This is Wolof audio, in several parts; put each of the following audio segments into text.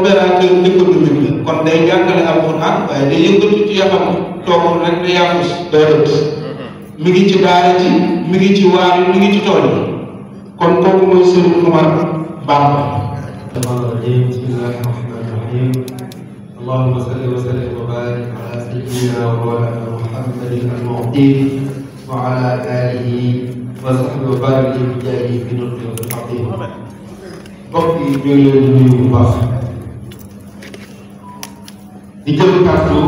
coopérative économique la kon day jàngale alquran waaye day yëngatu ci yaxam toogul rek da yaafus doorut mi ngi ci daara ci mi ngi ci waar mi ngi ci tool yi kon kooku mooy sëriñ Umar Bamba اللهم صل وسلم وبارك على سيدنا ومولانا محمد المعطي وعلى اله وصحبه وبارك بجاهه في نطق الحقيقه. mbokk yi ñoo leen di jël kàddu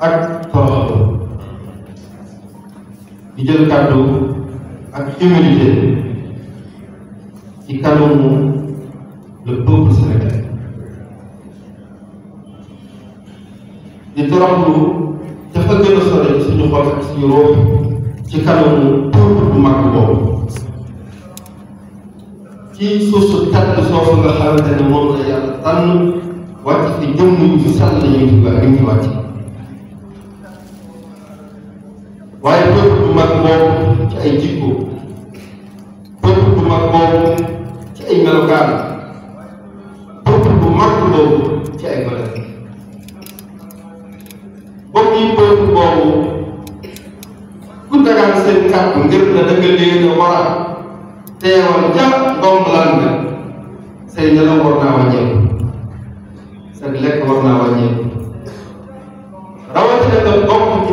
ak torodo di jël kàddu ak humilité ci kanamu le peuple sénégalais di toroxlu dafa gën a sore suñu xol ak suñu roof ci kanamu peuple bu mag boobu ci suuf su tànn soosu nga xamante ne moom la yàlla tànn wàcc ci jëmm ñu sàll ñu tubaab ñu ci wàcc waaye peuple bu mag boobu ci ay jikko peuple bu mag boobu ci ay melokaan peuple bu mag boobu ci ay valeur bokk yi peuple boobu ku dagaan seen kàddu ngir na da nga leen a war a teewal ca ndomb lan seen ña la war naa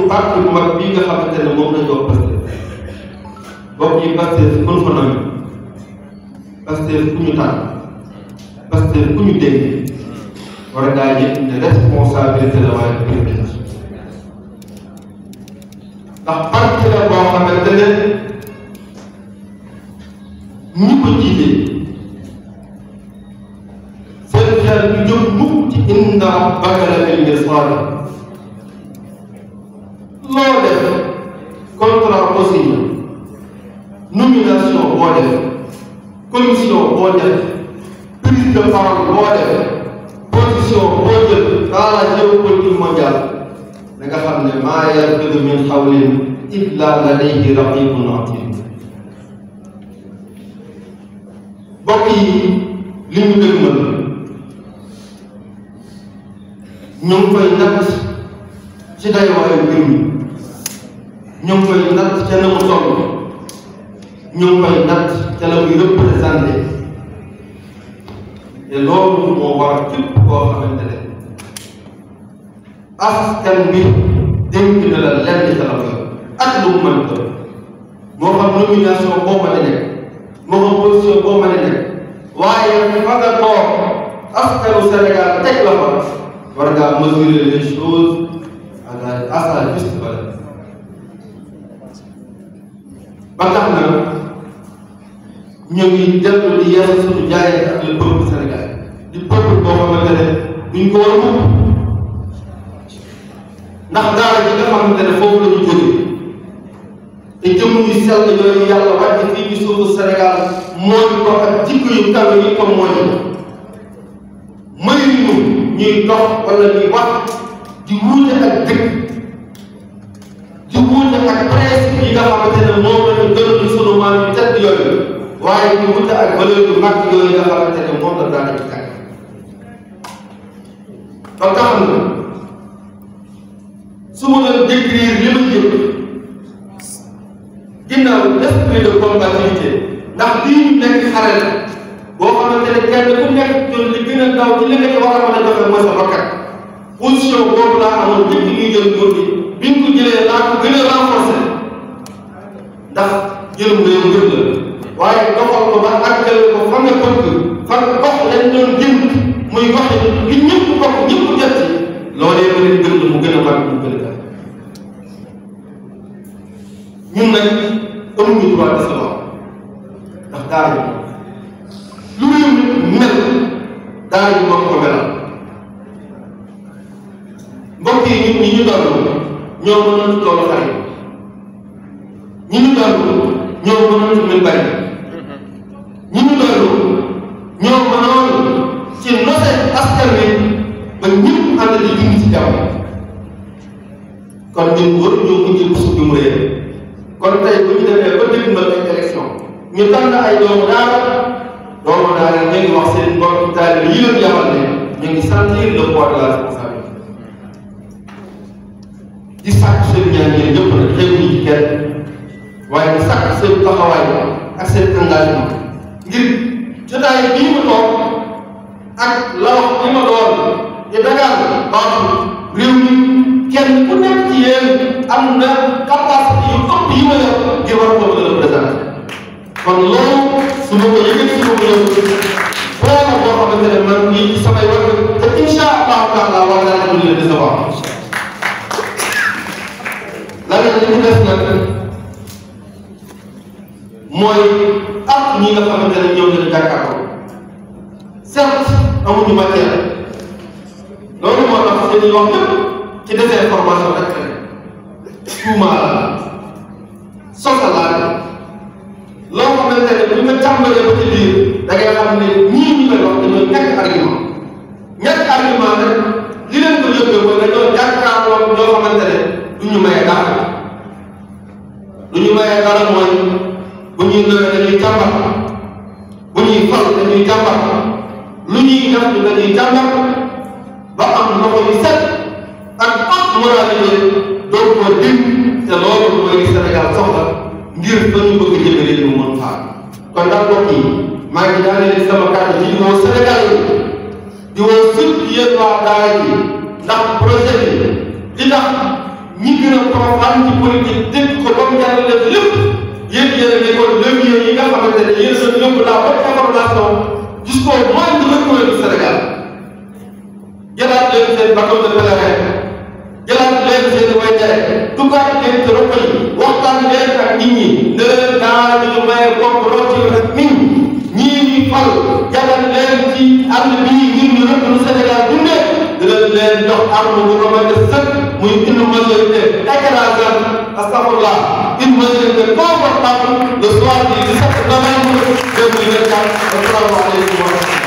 parti bu mag bii nga xamante ne moom lañu wax Pastef bokk yi Pastef ku ñu ko naw Pastef ku ñu tànn Pastef ku ñu dégg war ngaa yëg ne responsabilité la waaye privilège ndax parti la boo xamante ne ñi ko jiite seen xel du jóg mukk ci inda bagala min misaal loo def contrat boo signé nomination boo def commission boo def prise de parole boo def position boo jël dans la géopolitique mondiale da nga xam ne maa yalfidu min xawlin illa ladayhi raqibun atid mbokk yi li ñu dëgmal ñu ngi koy natt ci daywaayu mbir mi ñu ngi koy natt ca la mu toll ñu ngi koy natt ne askan bi dénk na la lenn ca la koy ak lu mu mën ko moo xam nomination boo mën a nekk moo xam position boo mën a nekk waaye fa nga toog askanu Sénégal teg la fa war ngaa mesurer les choses à la à sa juste ba tax na ñu ngi dellu di yeesal suñu jaayee ak le peuple Sénégal di peuple boo xamante ne duñ ko war a mukk ndax daara ji nga xamante foofu la ñu jógee te jëmm yu sell yooyu yàlla wàcc fii ci suufu Sénégal mooy ko ak jikko yu kaw yi ko mooy mënuñu ñuy dox wala ñuy wax di wuute ak dëkk. wuute ak principe yi nga xamante ne moom la ñu gënoon sunu maam yu tedd yooyu waaye ñu ak valeur yu mag yooyu nga xamante ne moom la daan di tàgg ba tax na su ma doon décrire li ma jëm ginnaaw esprit de combativité ndax lii ñu nekk xare la ne kenn nekk ñun li gën a ndaw ci li nga war a mën a joxe mooy sa bakkan position boobu laa amoon dëkk ñuy jël góor biñ ko jëlee daa ko gën a renforcer ndax jëlum réew gën la waaye doxal ko ba àggale ko fa nga bëgg fa nga gox lañ doon jëm muy gox li ñëpp bokk ñëpp jot ci loolee ba leen gën la mu gën a mag mu gën a gaaw ñun nag amuñu droit de savoir ndax daara lu réew mi mel daara yu ko melal mbokk yi ñun ñi ñu doon ñoo mënoon toolu xale ñi ñu doon ñoo mënoon lu bari ñi ñu doon ñoo mënoon ci nose askan wi ba ñëpp ànd di dund ci jàmm kon ñun waru ñoo ko jël suuf bi mu kon tey bu ñu demee ba dégg mbal ay élection ñu tànn ay doomu daara doomu daara ñu ngi wax seen mbokk taalibe yi leen yabal ne ñu ngi sentir le poids de la responsabilité di sàkk seen ñaan yéen ñëpp nag xew ñu ci kenn waaye di sàkk seen taxawaay ak seen engagement toog ak la wax bi ma doon te Dakar baaxul kenn ku nekk ci am na capacité yu ëpp yi ma la war ko mën a représenté kon su ma ko yëgee ko yëgee problème boo xamante ne man nii samay war te incha allahu taala war naa leen leneen li mu def nag mooy ak ñi nga xamante ne ñoom lañu jàkkaarloo certes amuñu matière loolu moo tax dañuy wax ñëpp ci désinformation rek tuumaa la sosalaat loo xamante ne bu ñu la jàmbalee ba ci biir da ngay xam ne ñii ñu koy wax dañoo ñàkk argument ñàkk argument rek li leen ko yóbbee mooy dañoo jàkkaarloo ñoo xamante ne du ñu ñuy mayee dara mooy bu ñuy nawee dañuy càmbar bu ñuy fal dañuy càmbar lu ñuy def ñu dañuy càmbar ba am loxo yu set ak am moralité doog ko dig te loolu mooy Sénégal soxla ngir ba ñu bëgg jëme leen mën faa kon daal mbokk yi maa ngi daaneel sama kàddu yi woo Sénégal yi di woo surtout yéen waa yi ndax projet bi li tax ñi gën a comprendre ci politique dégg ko ba mu jàll leen lépp yéen yéen ne kon levier yi nga xamante ne yéen seen yóbbu la bonne information jusqu'au moindre recoin du Sénégal jëlaat leen seen bâton de pèlerin jëlaat leen seen way jaay tukaat leen ci rëpp yi waxtaan leen ak nit ñi ne leen naa ñu may comprendre ci rek nit ñii ñuy fal jàllal leen ci àll bii ngir ñu rëpp Sénégal dundee dina leen jox arme bu ko mën a sëkk muy une majorité écrasante astafurlah une majorité confortable le soir du 17 novembre 2024 asalaamaaleykum wa rahmatulah